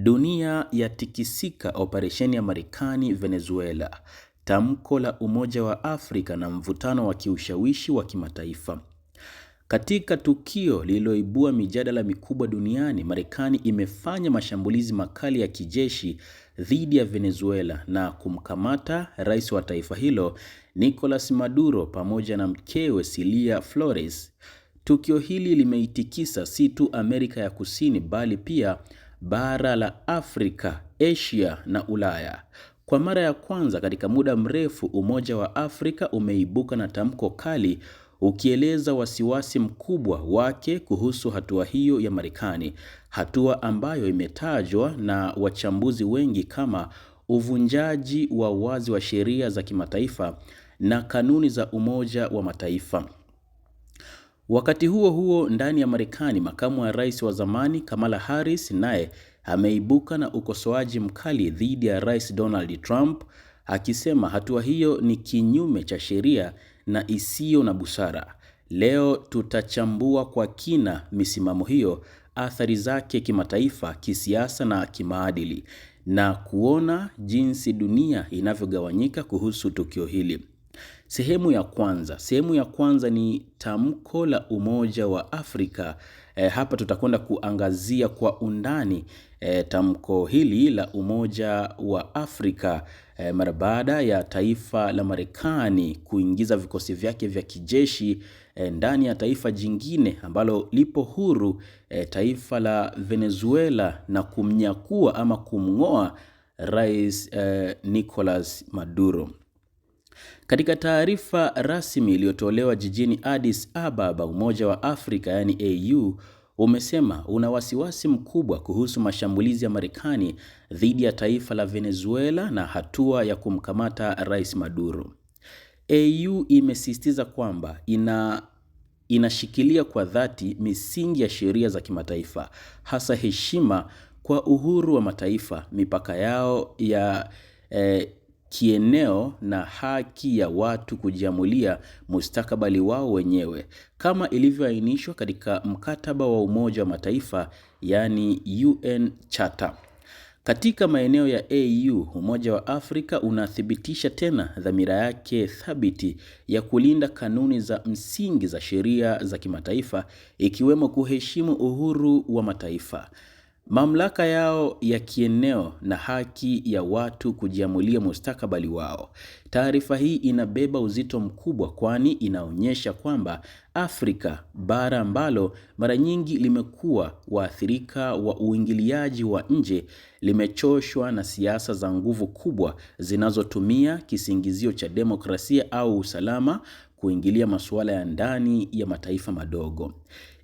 Dunia yatikisika operesheni ya Marekani Venezuela, tamko la Umoja wa Afrika na mvutano wa kiushawishi wa kimataifa. Katika tukio lililoibua mijadala mikubwa duniani, Marekani imefanya mashambulizi makali ya kijeshi dhidi ya Venezuela na kumkamata rais wa taifa hilo Nicolas Maduro pamoja na mkewe Silia Flores. Tukio hili limeitikisa si tu Amerika ya Kusini bali pia bara la Afrika, Asia na Ulaya. Kwa mara ya kwanza katika muda mrefu, Umoja wa Afrika umeibuka na tamko kali ukieleza wasiwasi mkubwa wake kuhusu hatua hiyo ya Marekani, hatua ambayo imetajwa na wachambuzi wengi kama uvunjaji wa wazi wa sheria za kimataifa na kanuni za Umoja wa Mataifa. Wakati huo huo, ndani ya Marekani, makamu wa rais wa zamani Kamala Harris naye ameibuka na ukosoaji mkali dhidi ya Rais Donald Trump akisema hatua hiyo ni kinyume cha sheria na isiyo na busara. Leo tutachambua kwa kina misimamo hiyo, athari zake kimataifa, kisiasa na kimaadili na kuona jinsi dunia inavyogawanyika kuhusu tukio hili. Sehemu ya kwanza, sehemu ya kwanza ni tamko la Umoja wa Afrika. E, hapa tutakwenda kuangazia kwa undani e, tamko hili la Umoja wa Afrika e, mara baada ya taifa la Marekani kuingiza vikosi vyake vya kijeshi e, ndani ya taifa jingine ambalo lipo huru e, taifa la Venezuela na kumnyakua ama kumng'oa Rais e, Nicolas Maduro. Katika taarifa rasmi iliyotolewa jijini Addis Ababa, Umoja wa Afrika yaani AU umesema una wasiwasi mkubwa kuhusu mashambulizi ya Marekani dhidi ya taifa la Venezuela na hatua ya kumkamata Rais Maduro. AU imesisitiza kwamba ina inashikilia kwa dhati misingi ya sheria za kimataifa, hasa heshima kwa uhuru wa mataifa, mipaka yao ya eh, kieneo na haki ya watu kujiamulia mustakabali wao wenyewe kama ilivyoainishwa katika mkataba wa Umoja wa Mataifa, yani UN Charter. Katika maeneo ya AU, Umoja wa Afrika unathibitisha tena dhamira yake thabiti ya kulinda kanuni za msingi za sheria za kimataifa ikiwemo kuheshimu uhuru wa mataifa mamlaka yao ya kieneo na haki ya watu kujiamulia mustakabali wao. Taarifa hii inabeba uzito mkubwa, kwani inaonyesha kwamba Afrika, bara ambalo mara nyingi limekuwa waathirika wa uingiliaji wa nje, limechoshwa na siasa za nguvu kubwa zinazotumia kisingizio cha demokrasia au usalama kuingilia masuala ya ndani ya mataifa madogo.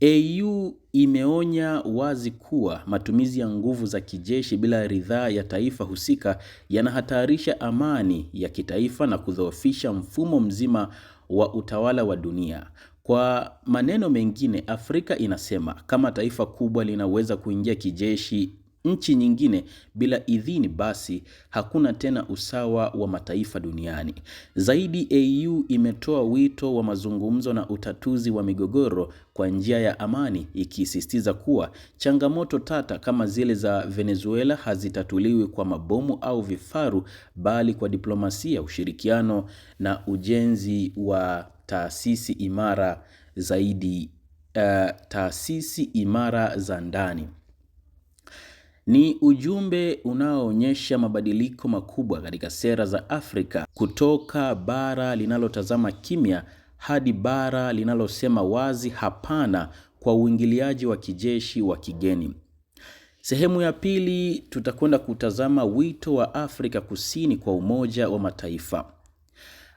AU imeonya wazi kuwa matumizi ya nguvu za kijeshi bila ridhaa ya taifa husika yanahatarisha amani ya kitaifa na kudhoofisha mfumo mzima wa utawala wa dunia. Kwa maneno mengine, Afrika inasema kama taifa kubwa linaweza kuingia kijeshi nchi nyingine bila idhini, basi hakuna tena usawa wa mataifa duniani. Zaidi, AU imetoa wito wa mazungumzo na utatuzi wa migogoro kwa njia ya amani, ikisisitiza kuwa changamoto tata kama zile za Venezuela hazitatuliwi kwa mabomu au vifaru, bali kwa diplomasia, ushirikiano na ujenzi wa taasisi imara zaidi, uh, taasisi imara za ndani. Ni ujumbe unaoonyesha mabadiliko makubwa katika sera za Afrika kutoka bara linalotazama kimya hadi bara linalosema wazi hapana kwa uingiliaji wa kijeshi wa kigeni. Sehemu ya pili tutakwenda kutazama wito wa Afrika Kusini kwa Umoja wa Mataifa.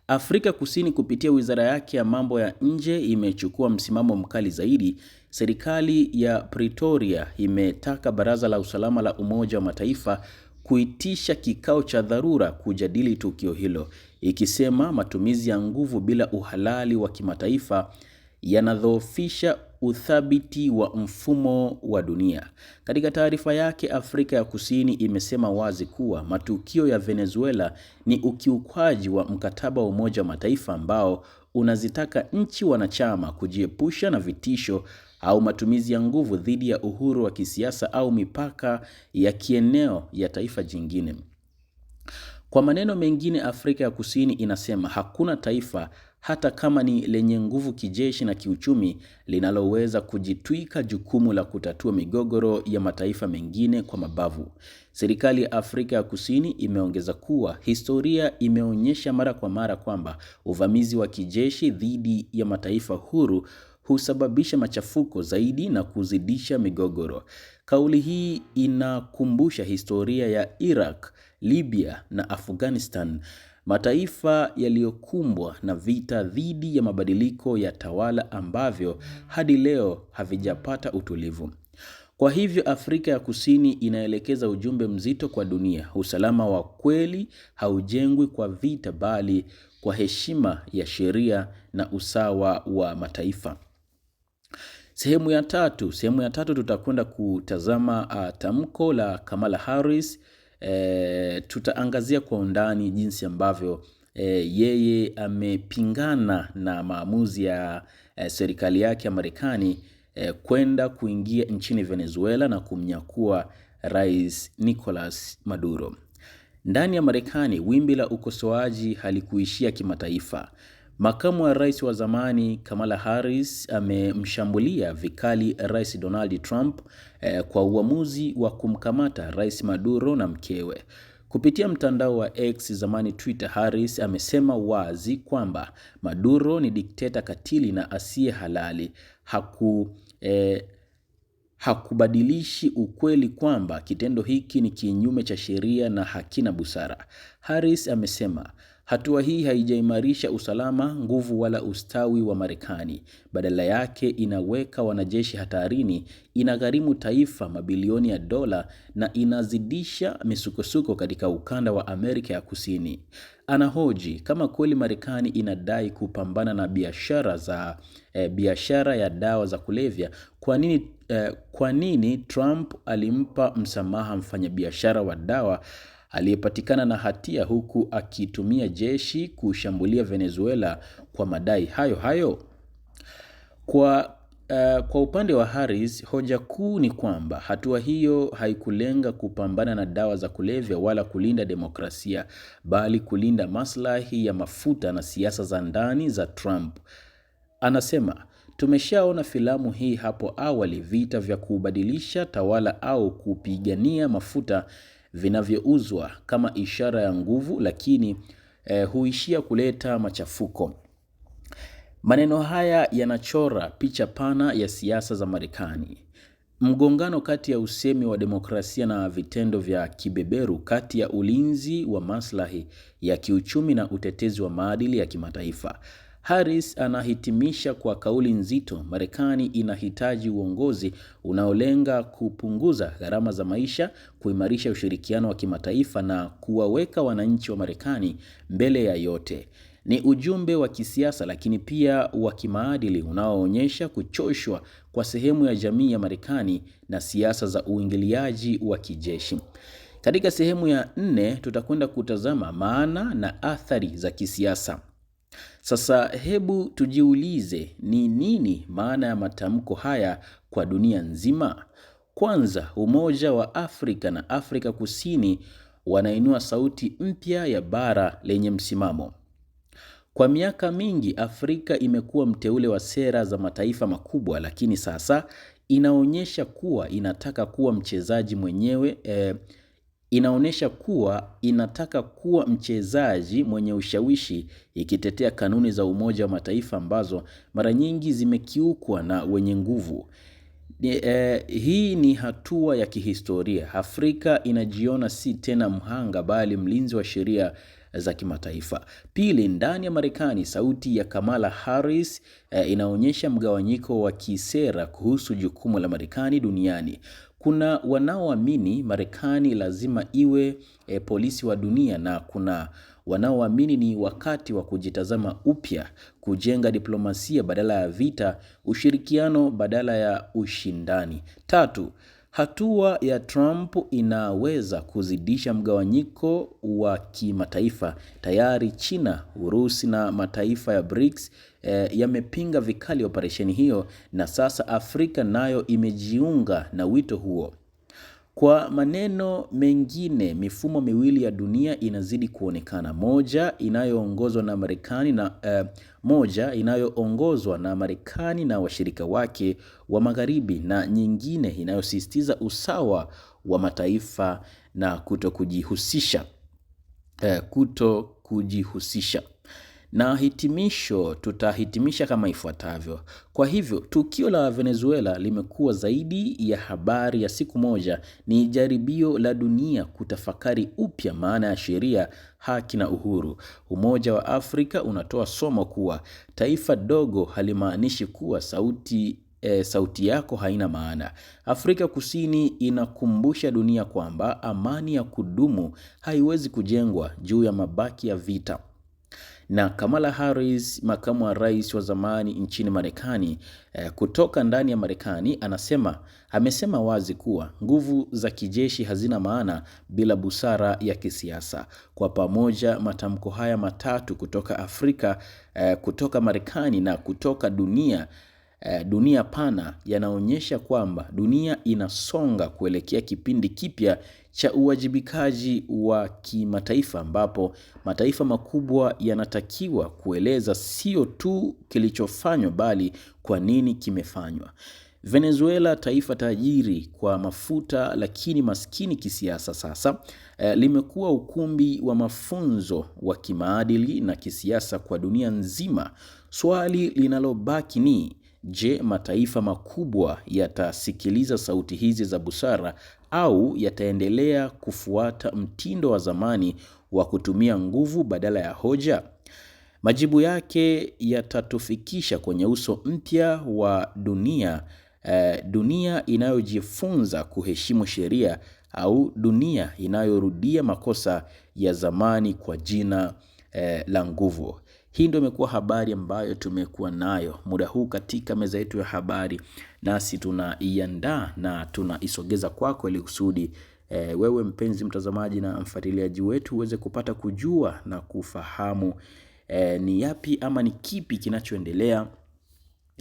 Afrika Kusini kupitia wizara yake ya mambo ya nje imechukua msimamo mkali zaidi. Serikali ya Pretoria imetaka Baraza la Usalama la Umoja wa Mataifa kuitisha kikao cha dharura kujadili tukio hilo, ikisema matumizi ya nguvu bila uhalali wa kimataifa yanadhoofisha uthabiti wa mfumo wa dunia. Katika taarifa yake, Afrika ya Kusini imesema wazi kuwa matukio ya Venezuela ni ukiukwaji wa mkataba wa Umoja wa Mataifa ambao unazitaka nchi wanachama kujiepusha na vitisho au matumizi ya nguvu dhidi ya uhuru wa kisiasa au mipaka ya kieneo ya taifa jingine. Kwa maneno mengine, Afrika ya Kusini inasema hakuna taifa hata kama ni lenye nguvu kijeshi na kiuchumi, linaloweza kujitwika jukumu la kutatua migogoro ya mataifa mengine kwa mabavu. Serikali ya Afrika ya Kusini imeongeza kuwa historia imeonyesha mara kwa mara kwamba uvamizi wa kijeshi dhidi ya mataifa huru husababisha machafuko zaidi na kuzidisha migogoro. Kauli hii inakumbusha historia ya Iraq, Libya na Afghanistan Mataifa yaliyokumbwa na vita dhidi ya mabadiliko ya tawala ambavyo hadi leo havijapata utulivu. Kwa hivyo Afrika ya Kusini inaelekeza ujumbe mzito kwa dunia. Usalama wa kweli haujengwi kwa vita bali kwa heshima ya sheria na usawa wa mataifa. Sehemu ya tatu, sehemu ya tatu tutakwenda kutazama uh, tamko la Kamala Harris e, tutaangazia kwa undani jinsi ambavyo e, yeye amepingana na maamuzi ya e, serikali yake ya Marekani e, kwenda kuingia nchini Venezuela na kumnyakua Rais Nicolas Maduro. Ndani ya Marekani, wimbi la ukosoaji halikuishia kimataifa. Makamu wa rais wa zamani Kamala Harris amemshambulia vikali Rais Donald Trump eh, kwa uamuzi wa kumkamata Rais Maduro na mkewe. Kupitia mtandao wa X zamani Twitter, Harris amesema wazi kwamba Maduro ni dikteta katili na asiye halali. Haku eh, hakubadilishi ukweli kwamba kitendo hiki ni kinyume cha sheria na hakina busara. Harris amesema Hatua hii haijaimarisha usalama, nguvu wala ustawi wa Marekani. Badala yake inaweka wanajeshi hatarini, inagharimu taifa mabilioni ya dola na inazidisha misukosuko katika ukanda wa Amerika ya Kusini. Anahoji kama kweli Marekani inadai kupambana na biashara za eh, biashara ya dawa za kulevya, kwa nini eh, kwa nini Trump alimpa msamaha mfanyabiashara wa dawa aliyepatikana na hatia huku akitumia jeshi kushambulia Venezuela kwa madai hayo hayo. Kwa, uh, kwa upande wa Harris, hoja kuu ni kwamba hatua hiyo haikulenga kupambana na dawa za kulevya wala kulinda demokrasia, bali kulinda maslahi ya mafuta na siasa za ndani za Trump. Anasema Tumeshaona filamu hii hapo awali, vita vya kubadilisha tawala au kupigania mafuta vinavyouzwa kama ishara ya nguvu, lakini eh, huishia kuleta machafuko. Maneno haya yanachora picha pana ya siasa za Marekani. Mgongano kati ya usemi wa demokrasia na vitendo vya kibeberu, kati ya ulinzi wa maslahi ya kiuchumi na utetezi wa maadili ya kimataifa. Harris anahitimisha kwa kauli nzito, Marekani inahitaji uongozi unaolenga kupunguza gharama za maisha, kuimarisha ushirikiano wa kimataifa na kuwaweka wananchi wa Marekani mbele ya yote. Ni ujumbe wa kisiasa lakini pia wa kimaadili unaoonyesha kuchoshwa kwa sehemu ya jamii ya Marekani na siasa za uingiliaji wa kijeshi. Katika sehemu ya nne tutakwenda kutazama maana na athari za kisiasa. Sasa hebu tujiulize ni nini maana ya matamko haya kwa dunia nzima? Kwanza, Umoja wa Afrika na Afrika Kusini wanainua sauti mpya ya bara lenye msimamo. Kwa miaka mingi Afrika imekuwa mteule wa sera za mataifa makubwa, lakini sasa inaonyesha kuwa inataka kuwa mchezaji mwenyewe eh, inaonyesha kuwa inataka kuwa mchezaji mwenye ushawishi ikitetea kanuni za Umoja wa Mataifa ambazo mara nyingi zimekiukwa na wenye nguvu. e, hii ni hatua ya kihistoria. Afrika inajiona si tena mhanga bali mlinzi wa sheria za kimataifa. Pili, ndani ya Marekani, sauti ya Kamala Harris eh, inaonyesha mgawanyiko wa kisera kuhusu jukumu la Marekani duniani. Kuna wanaoamini Marekani lazima iwe e, polisi wa dunia na kuna wanaoamini ni wakati wa kujitazama upya, kujenga diplomasia badala ya vita, ushirikiano badala ya ushindani. Tatu, Hatua ya Trump inaweza kuzidisha mgawanyiko wa kimataifa. Tayari China, Urusi na mataifa ya BRICS eh, yamepinga vikali operesheni hiyo na sasa Afrika nayo imejiunga na wito huo. Kwa maneno mengine, mifumo miwili ya dunia inazidi kuonekana, moja inayoongozwa na Marekani na uh, moja inayoongozwa na Marekani na washirika wake wa Magharibi na nyingine inayosisitiza usawa wa mataifa na kutokujihusisha uh, kuto kujihusisha. Eh, na hitimisho tutahitimisha kama ifuatavyo. Kwa hivyo tukio la Venezuela limekuwa zaidi ya habari ya siku moja, ni jaribio la dunia kutafakari upya maana ya sheria, haki na uhuru. Umoja wa Afrika unatoa somo kuwa taifa dogo halimaanishi kuwa sauti E, sauti yako haina maana. Afrika Kusini inakumbusha dunia kwamba amani ya kudumu haiwezi kujengwa juu ya mabaki ya vita na Kamala Harris, makamu wa rais wa zamani nchini Marekani eh, kutoka ndani ya Marekani anasema amesema wazi kuwa nguvu za kijeshi hazina maana bila busara ya kisiasa. Kwa pamoja, matamko haya matatu kutoka Afrika eh, kutoka Marekani na kutoka dunia eh, dunia pana yanaonyesha kwamba dunia inasonga kuelekea kipindi kipya cha uwajibikaji wa kimataifa ambapo mataifa makubwa yanatakiwa kueleza sio tu kilichofanywa bali kwa nini kimefanywa. Venezuela, taifa tajiri kwa mafuta lakini maskini kisiasa, sasa e, limekuwa ukumbi wa mafunzo wa kimaadili na kisiasa kwa dunia nzima. Swali linalobaki ni Je, mataifa makubwa yatasikiliza sauti hizi za busara au yataendelea kufuata mtindo wa zamani wa kutumia nguvu badala ya hoja? Majibu yake yatatufikisha kwenye uso mpya wa dunia, eh, dunia inayojifunza kuheshimu sheria au dunia inayorudia makosa ya zamani kwa jina eh, la nguvu. Hii ndio imekuwa habari ambayo tumekuwa nayo muda huu katika meza yetu ya habari, nasi tunaiandaa na tunaisogeza kwako ili kusudi e, wewe mpenzi mtazamaji na mfuatiliaji wetu uweze kupata kujua na kufahamu e, ni yapi ama ni kipi kinachoendelea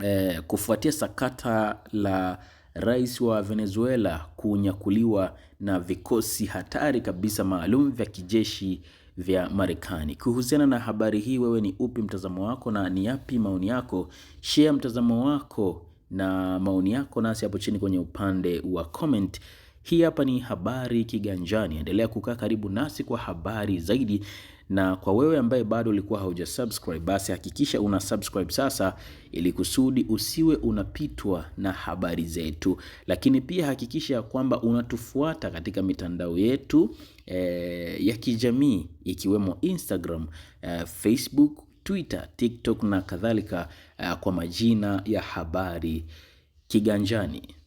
e, kufuatia sakata la rais wa Venezuela kunyakuliwa na vikosi hatari kabisa maalum vya kijeshi vya Marekani. Kuhusiana na habari hii, wewe ni upi mtazamo wako na ni yapi maoni yako? Share mtazamo wako na maoni yako nasi hapo chini kwenye upande wa comment. Hii hapa ni Habari Kiganjani. Endelea kukaa karibu nasi kwa habari zaidi, na kwa wewe ambaye bado ulikuwa hauja subscribe, basi hakikisha una subscribe sasa, ili kusudi usiwe unapitwa na habari zetu. Lakini pia hakikisha ya kwamba unatufuata katika mitandao yetu eh, ya kijamii ikiwemo Instagram, eh, Facebook, Twitter, TikTok na kadhalika eh, kwa majina ya habari kiganjani.